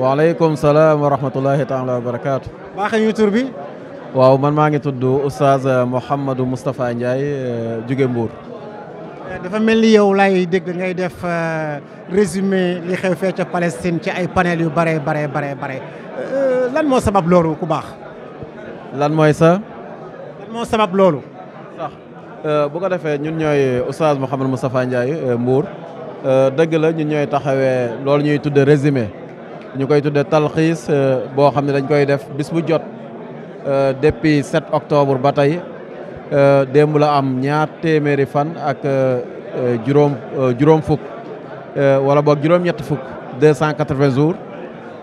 waaleykum salaam wa rahmatullahi taala wa barakaatu. baaxee ñu tur bi. waaw man maa ngi tudd oustaz Mouhamadou Moustapha Ndiaye euh, jóge mbuur euh, dafa mel ni yow lay dégg ngay def euh, résumé li xew fee ca Palestine ci ay panel yu bare bare bare bare lan moo sabab loolu ku baax. lan mooy sa. lan moo sabab loolu. sax bu ko defee ñun ñooy oustaz Mouhamadou Moustapha Ndiaye Mbour dëgg la ñun ñooy taxawee loolu ñuy tudde résumé. ñu koy tuddee talxiis euh, boo xam ne dañ koy def bis bu jot euh, depuis 7 octobre ba tey euh, démb la am ñaar téeméeri fan ak juróom juróom fukk wala boo juróom-ñett fukk 280 jours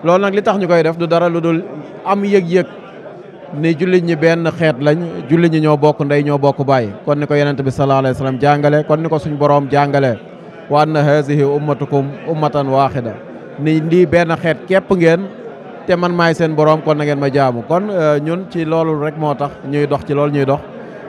loolu nag li tax ñu koy def du dara lu dul am yëg-yëg ni jullit ñi benn xeet lañ jullit ñi ñoo bokk ndey ñoo bokk baay kon ni ko yonent bi sallallahu alayhi wa kon ni ko suñ boroom jàngale wa anna hazihi ummatukum ummatan waaxida ni lii benn xeet képp ngeen te man maay seen borom kon na ngeen ma jaamu kon euh, ñun ci loolu rek moo tax ñuy dox ci loolu ñuy dox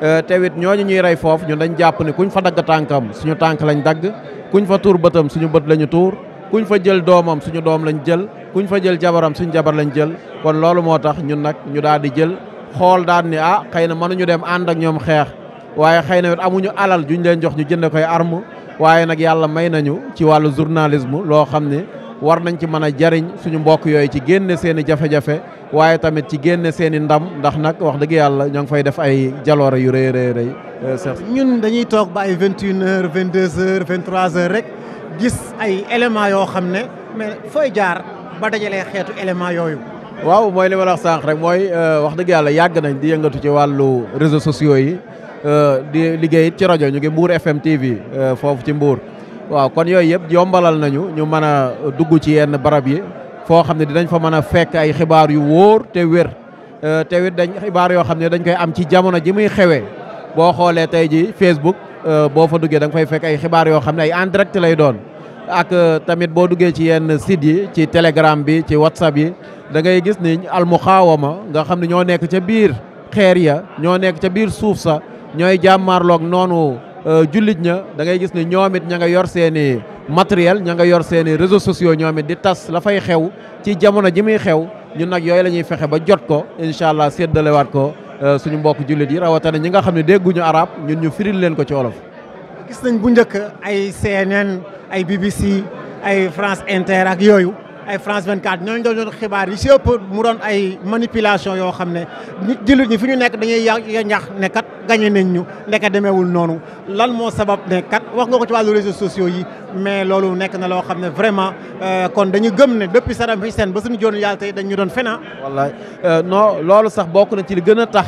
euh, te it ñooñu ñuy rey foofu ñun dañ jàpp ni kuñ fa dagg tànkam suñu tànk lañ dagg kuñ fa tuur bëtam suñu bët lañu tuur kuñ fa jël doomam suñu doom lañ jël kuñ fa jël jabaram suñu jabar lañ jël kon loolu moo tax ñun nag ñu daal di jël xool daal ni ah xëy na mënuñu dem ànd ak ñoom xeex waaye xëy na it amuñu alal juñ leen jox ñu jënd koy arme waaye nag yàlla may nañu ci wàllu journalisme loo xam ne war nañ ci mën a jariñ suñu mbokk yooyu ci génne seen i jafe-jafe waaye tamit ci génne seen i ndam ndax nag wax dëgg yàlla ñoo ngi fay def ay jaloore yu rëy rëy rëy euh, ñun dañuy toog ba ay vingt une heures vingt deux heures vingt trois heures rek gis ay éléments yoo xam ne mais fooy jaar ba dajalee xeetu éléments yooyu waaw mooy li ma sànq rek mooy euh, wax dëgg yàlla yàgg nañ di yëngatu ci wàllu réseau sociaux yi euh, di liggéey ci rajo ñu ngi Mbour FM TV foofu ci Mbour waaw kon yooyu yëpp yombalal nañu ñu mën a dugg ci yenn barab yi foo xam ne dinañ fa mën a fekk ay xibaar yu wóor te wér euh, te wit dañ xibaar yoo xam ne dañ koy am ci jamono ji muy xewee boo xoolee tey ji Facebook euh, boo fa duggee da nga fay fekk ay xibaar yoo xam ne ay en direct lay doon ak euh, tamit boo duggee ci yenn site yi ci Telegram bi ci WhatsApp yi da ngay gis xaawa ma nga xam ne ñoo nekk ca biir xeer ya ñoo nekk ca biir suuf sa ñooy jàmmaarloog noonu Euh, jullit ña da ngay gis ne ñoom it ña nga yor seen i matériel ña nga yor seen i réseaux sociaux ñoom it di tas la fay xew ci jamono ji muy xew ñu nag yooyu la ñuy fexe ba jot ko incha allah séddalewaat ko euh, suñu mbokk jullit yi rawatina ñi nga xam ne dégguñu arab ñun ñu firil leen ko ci wolof. gis nañ bu njëkk ay CNN ay BBC ay France Inter ak yooyu. ay France 24 ñooñu doon doon xibaar yi si ëpp mu doon ay manipulation yoo xam ne jullit ñi fi ñu nekk dañuy gañe nañ ñu ndeka demeewul noonu lan moo sabab ne kat wax nga ko ci wàllu réseaux sociaux yi mais loolu nekk na loo xam ne vraiment euh, kon dañu gëm ne depuis Saddam seen ba suñu joon yàlla tey dañ ñu doon fena wallaay euh, non loolu sax bokk na ci li gën a tax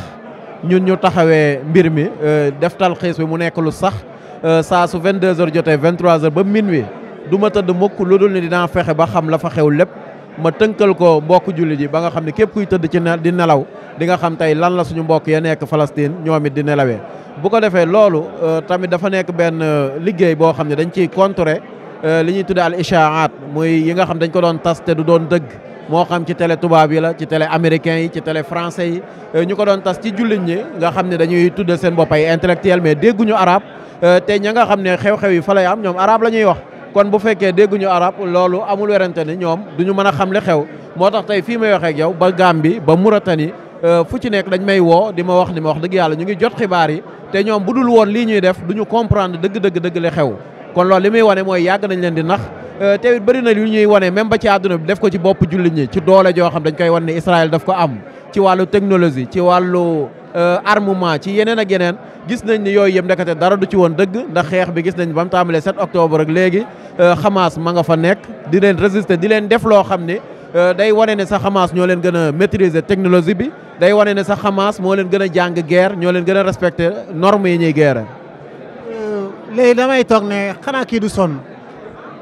ñun ñu taxawee mbir mi euh, def talxiis bi mu nekk lu sax saa su 22h jotee 23h ba minuit du ma tëdd mukk lu dul ne dinaa fexe ba xam la fa xew lépp ma tënkal ko mbokk jullit yi ba nga xam ne képp kuy tëdd ci di nelaw di nga xam tey lan la suñu mbokk ya nekk Palestine ñoom it di nelawee. bu ko defee loolu euh, tamit dafa nekk benn euh, liggéey boo xam ne dañ ciy contrer euh, li ñuy tuddee al ishaat muy yi nga xam dañ ko doon tas te du doon dëgg moo xam ci télé tubaab yi la ci tele américain yi ci télé français yi ñu ko doon tas ci jullit ñi nga xam ne dañuy tuddee seen bopp ay intellectuel mais dégguñu arab te ña nga xam ne xew-xew yi fa ñoom arab la ñuy wax. kon bu fekkee dégguñu arab loolu amul werante ni ñoom duñu mën a xam li xew moo tax tey fii may waxee ak yow ba Gambie ba Mauritanie euh, fu ci nekk dañ may woo di ma wax ni ma wax dëgg yàlla ñu ngi jot xibaar yi te ñoom bu dul woon lii ñuy def duñu comprendre dëgg dëgg dëgg li xew kon loolu li muy wane mooy yàgg nañ leen di nax euh, te it bëri na lu ñuy wane même ba ci àdduna bi def ko ci bopp jullit ñi ci doole joo xam dañ koy wan ne Israël daf ko am ci wàllu technologie ci wàllu Euh, armement ci yeneen a geneen gis nañ ni yooyu yëpp ndekete dara du ci woon dëgg ndax xeex bi gis nañ ba mu tàmbalee 7 octobre léegi euh, Hamas ma nga fa nekk di leen résister di leen def loo xam ne euh, day wane ne sa Hamas ñoo leen gën a maîtriser technologie bi day wane ne sa Hamas moo leen gën a jàng guerre ñoo leen gën a respecter normes yi ñuy guerre. léegi damay toog ne xanaa kii du sonn.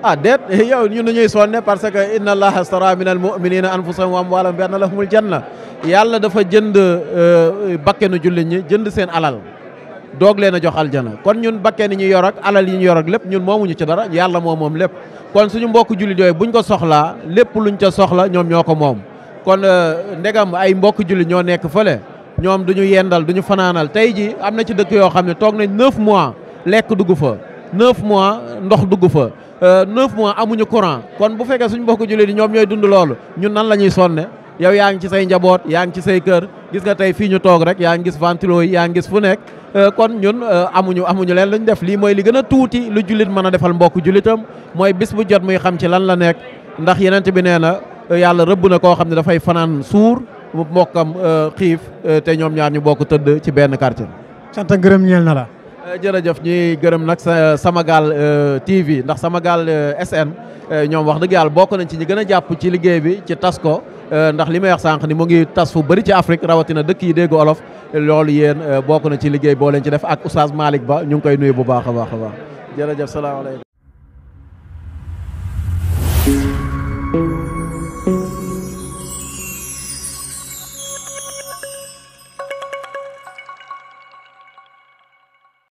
a ah, déet yow ñun dañuy sonne parce que inna allaha stara min al muminina anfusahum wa amwalahum bi anna lahumul janna yàlla dafa jënd euh, bakkenu jullit ñi jënd seen alal doog leen a jox aljana kon ñun bakken yi yor ak alal yi ñu yor ak lépp ñun moomuñu ci dara yàlla moo moom lépp kon suñu mbokk jullit yooyu buñ ko soxlaa lépp luñ ca soxla ñoom ñoo ko moom kon euh, ndegam ay mbokk jullit ñoo nekk fële ñoom duñu yendal duñu fanaanal tey ji am na ci dëkk yoo xam ne toog nañ neuf mois lekk dugg fa neuf mois ndox dugg fa euh, neuf mois amuñu courant kon bu fekkee suñ mbokku jullit yi ñoom ñooy dund loolu ñun nan la ñuy sonne yow yaa ngi ci say njaboot yaa ngi ci say kër gis nga tey fii ñu toog rek yaa ngi gis ventilo yi yaa ngi gis fu nekk euh, kon ñun euh, amuñu amuñu leen lañ def lii mooy li gën a tuuti lu jullit mën a defal mbokku jullitam mooy bis bu jot muy xam ci lan la nekk ndax yeneen bi nee na yàlla rëbb na koo xam ne dafay fanaan suur mbokkam xiif te ñoom ñaar ñu bokk tëdd ci benn quartier. sant ngërëm na la. Euh, jërëjëf ñuy gërëm nag sa euh, Samagal euh, TV ndax sama Samagal SN ñoom wax dëgg yàlla bokk nañ ci ñi gën a jàpp ci liggéey bi ci tas ko ndax li may wax sànq ni mu ngi tas fu bëri ci Afrique rawatina dëkk yi dégg olof loolu yéen bokk na ci liggéey boo leen ci def ak Oustaz Malick Ba ñu ngi koy nuyu bu baax a baax baax jërëjëf salaamaaleykum